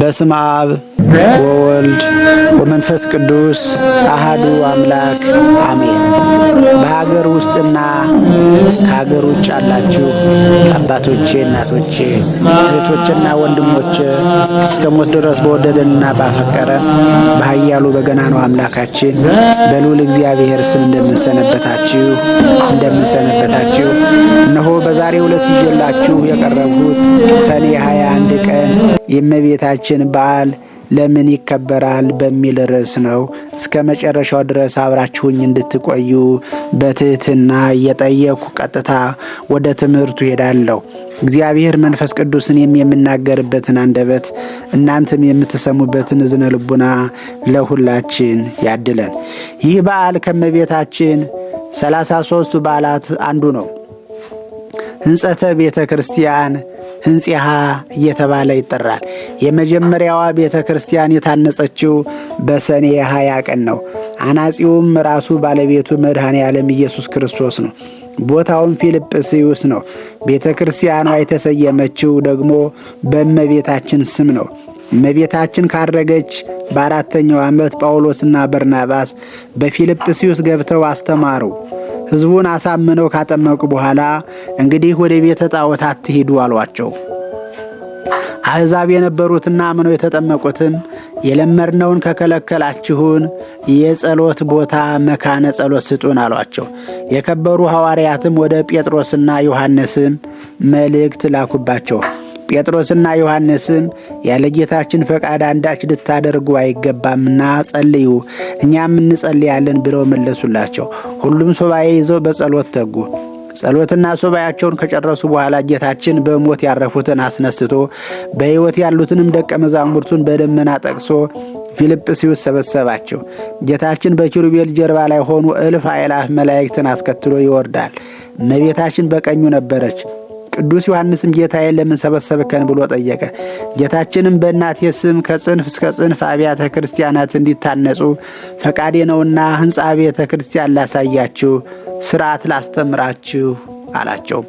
በስመ አብ ወወልድ ወመንፈስ ቅዱስ አሃዱ አምላክ አሜን። በሀገር ውስጥና ከሀገር ውጭ ያላችሁ አባቶቼ፣ እናቶቼ፣ እህቶችና ወንድሞቼ እስከ ሞት ድረስ በወደደንና ባፈቀረን በኃያሉ በገናናው አምላካችን በልዑል እግዚአብሔር ስም እንደምንሰነበታችሁ እንደምንሰነበታችሁ እነሆ በዛሬ ሁለት ይዤላችሁ የቀረብኩት ሰኔ 21 ቀን የእመቤታችን በዓል ለምን ይከበራል በሚል ርዕስ ነው። እስከ መጨረሻው ድረስ አብራችሁኝ እንድትቆዩ በትህትና እየጠየኩ ቀጥታ ወደ ትምህርቱ ሄዳለሁ። እግዚአብሔር መንፈስ ቅዱስን እኔም የምናገርበትን አንደበት እናንተም የምትሰሙበትን እዝነ ልቡና ለሁላችን ያድለን። ይህ በዓል ከመቤታችን ሰላሳ ሦስቱ በዓላት አንዱ ነው። ሕንጸተ ቤተ ክርስቲያን ሕንጺሃ እየተባለ ይጠራል። የመጀመሪያዋ ቤተ ክርስቲያን የታነጸችው በሰኔ ሃያ ቀን ነው። አናጺውም ራሱ ባለቤቱ መድኃኔ ዓለም ኢየሱስ ክርስቶስ ነው። ቦታውም ፊልጵስዩስ ነው። ቤተ ክርስቲያኗ የተሰየመችው ደግሞ በእመቤታችን ስም ነው። እመቤታችን ካረገች በአራተኛው ዓመት ጳውሎስና በርናባስ በፊልጵስዩስ ገብተው አስተማሩ። ሕዝቡን አሳምነው ካጠመቁ በኋላ እንግዲህ ወደ ቤተ ጣዖት አትሂዱ አሏቸው። አሕዛብ የነበሩትና አምነው የተጠመቁትም የለመድነውን ከከለከላችሁን የጸሎት ቦታ መካነ ጸሎት ስጡን አሏቸው። የከበሩ ሐዋርያትም ወደ ጴጥሮስና ዮሐንስም መልእክት ላኩባቸው። ጴጥሮስና ዮሐንስም ያለ ጌታችን ፈቃድ አንዳች ልታደርጉ አይገባምና ጸልዩ፣ እኛም እንጸልያለን ብለው መለሱላቸው። ሁሉም ሱባኤ ይዘው በጸሎት ተጉ። ጸሎትና ሱባያቸውን ከጨረሱ በኋላ ጌታችን በሞት ያረፉትን አስነስቶ በሕይወት ያሉትንም ደቀ መዛሙርቱን በደመና ጠቅሶ ፊልጵስዩስ ሰበሰባቸው። ጌታችን በኪሩቤል ጀርባ ላይ ሆኑ እልፍ አእላፍ መላእክትን አስከትሎ ይወርዳል። እመቤታችን በቀኙ ነበረች። ቅዱስ ዮሐንስም ጌታዬ ለምን ሰበሰብከን ብሎ ጠየቀ። ጌታችንም በእናቴ ስም ከጽንፍ እስከ ጽንፍ አብያተ ክርስቲያናት እንዲታነጹ ፈቃዴ ነውና ሕንፃ ቤተ ክርስቲያን ላሳያችሁ፣ ስርዓት ላስተምራችሁ አላቸው።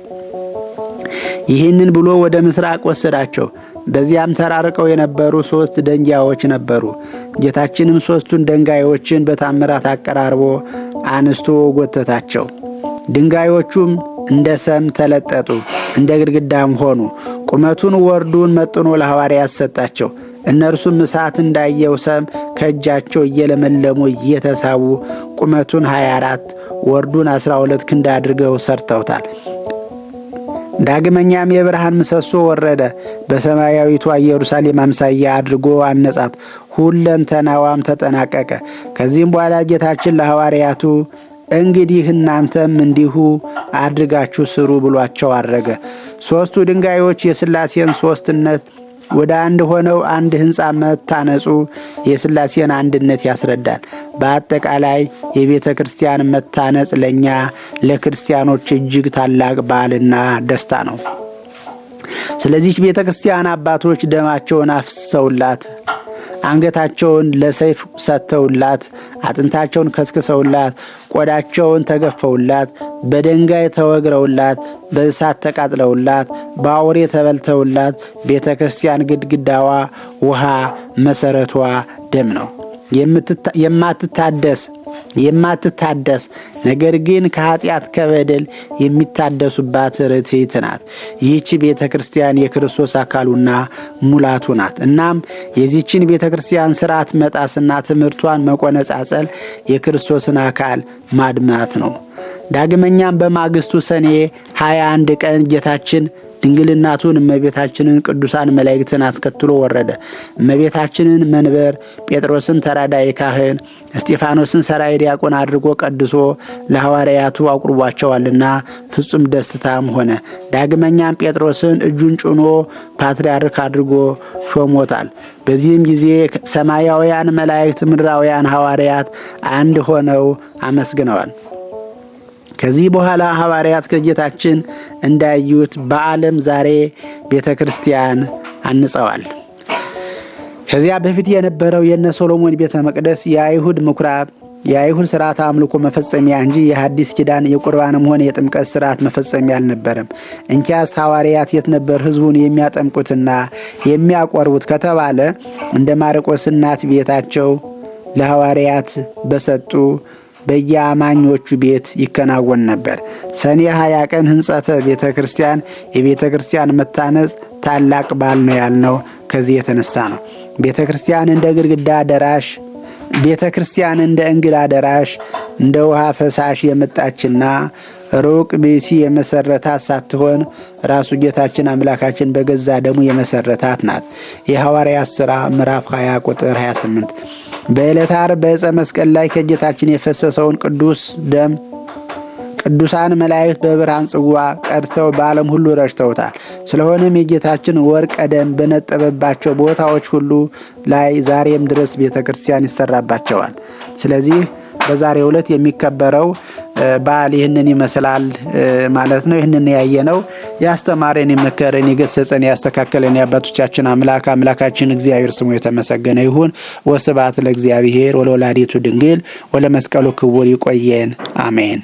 ይህንን ብሎ ወደ ምስራቅ ወሰዳቸው። በዚያም ተራርቀው የነበሩ ሦስት ደንጋዮች ነበሩ። ጌታችንም ሦስቱን ደንጋዮችን በታምራት አቀራርቦ አንስቶ ጎተታቸው። ድንጋዮቹም እንደ ሰም ተለጠጡ። እንደ ግድግዳም ሆኑ። ቁመቱን ወርዱን መጥኖ ለሐዋርያት ሰጣቸው። እነርሱም እሳት እንዳየው ሰም ከእጃቸው እየለመለሙ እየተሳቡ ቁመቱን 24 ወርዱን 12 ክንድ አድርገው ሰርተውታል። ዳግመኛም የብርሃን ምሰሶ ወረደ። በሰማያዊቷ ኢየሩሳሌም አምሳያ አድርጎ አነጻት። ሁለንተናዋም ተጠናቀቀ። ከዚህም በኋላ ጌታችን ለሐዋርያቱ እንግዲህ እናንተም እንዲሁ አድርጋችሁ ስሩ ብሏቸው አረገ። ሦስቱ ድንጋዮች የሥላሴን ሦስትነት ወደ አንድ ሆነው አንድ ሕንፃ መታነጹ የሥላሴን አንድነት ያስረዳል። በአጠቃላይ የቤተ ክርስቲያን መታነጽ ለእኛ ለክርስቲያኖች እጅግ ታላቅ በዓልና ደስታ ነው። ስለዚች ቤተ ክርስቲያን አባቶች ደማቸውን አፍሰውላት አንገታቸውን ለሰይፍ ሰጥተውላት፣ አጥንታቸውን ከስክሰውላት፣ ቆዳቸውን ተገፈውላት፣ በድንጋይ ተወግረውላት፣ በእሳት ተቃጥለውላት፣ በአውሬ ተበልተውላት፣ ቤተ ክርስቲያን ግድግዳዋ ውሃ መሠረቷ ደም ነው የማትታደስ የማትታደስ ነገር ግን ከኃጢአት ከበደል የሚታደሱባት ርትዕት ናት። ይህቺ ቤተ ክርስቲያን የክርስቶስ አካሉና ሙላቱ ናት። እናም የዚችን ቤተ ክርስቲያን ስርዓት መጣስና ትምህርቷን መቆነጻጸል የክርስቶስን አካል ማድማት ነው። ዳግመኛም በማግስቱ ሰኔ 21 ቀን ጌታችን ድንግል እመቤታችንን ቅዱሳን መላእክትን አስከትሎ ወረደ። እመቤታችንን መንበር፣ ጴጥሮስን ተራዳይ ካህን፣ እስጢፋኖስን ሰራይ ዲያቆን አድርጎ ቀድሶ ለሐዋርያቱ አቁርቧቸዋልና ፍጹም ደስታም ሆነ። ዳግመኛም ጴጥሮስን እጁን ጭኖ ፓትርያርክ አድርጎ ሾሞታል። በዚህም ጊዜ ሰማያውያን መላእክት፣ ምድራውያን ሐዋርያት አንድ ሆነው አመስግነዋል። ከዚህ በኋላ ሐዋርያት ከጌታችን እንዳዩት በዓለም ዛሬ ቤተ ክርስቲያን አንጸዋል። ከዚያ በፊት የነበረው የነ ሶሎሞን ቤተ መቅደስ የአይሁድ ምኩራብ የአይሁድ ስርዓት አምልኮ መፈጸሚያ እንጂ የሐዲስ ኪዳን የቁርባንም ሆነ የጥምቀት ስርዓት መፈጸሚያ አልነበረም። እንኪያስ ሐዋርያት የት ነበር ሕዝቡን የሚያጠምቁትና የሚያቆርቡት ከተባለ እንደ ማርቆስ እናት ቤታቸው ለሐዋርያት በሰጡ በየአማኞቹ ቤት ይከናወን ነበር። ሰኔ 20 ቀን ህንጸተ ቤተ ክርስቲያን፣ የቤተ ክርስቲያን መታነጽ ታላቅ በዓል ነው ያልነው ከዚህ የተነሳ ነው። ቤተ ክርስቲያን እንደ ግድግዳ ደራሽ ቤተ ክርስቲያን እንደ እንግዳ ደራሽ እንደ ውሃ ፈሳሽ የመጣችና ሩቅ ቢሲ የመሰረታት ሳትሆን ራሱ ጌታችን አምላካችን በገዛ ደሙ የመሰረታት ናት። የሐዋርያት ሥራ ምዕራፍ 20 ቁጥር 28 በዕለተ ዓርብ በዕፀ መስቀል ላይ ከጌታችን የፈሰሰውን ቅዱስ ደም ቅዱሳን መላእክት በብርሃን ጽዋ ቀድተው በዓለም ሁሉ ረጭተውታል። ስለሆነም የጌታችን ወርቀ ደም በነጠበባቸው ቦታዎች ሁሉ ላይ ዛሬም ድረስ ቤተ ክርስቲያን ይሰራባቸዋል። ስለዚህ በዛሬው ዕለት የሚከበረው በዓል ይህንን ይመስላል ማለት ነው። ይህንን ያየነው ያስተማረን፣ የመከረን፣ የገሰጸን፣ ያስተካከለን የአባቶቻችን አምላክ አምላካችን እግዚአብሔር ስሙ የተመሰገነ ይሁን። ወስብሐት ለእግዚአብሔር ወለወላዲቱ ድንግል ወለመስቀሉ ክቡር። ይቆየን። አሜን።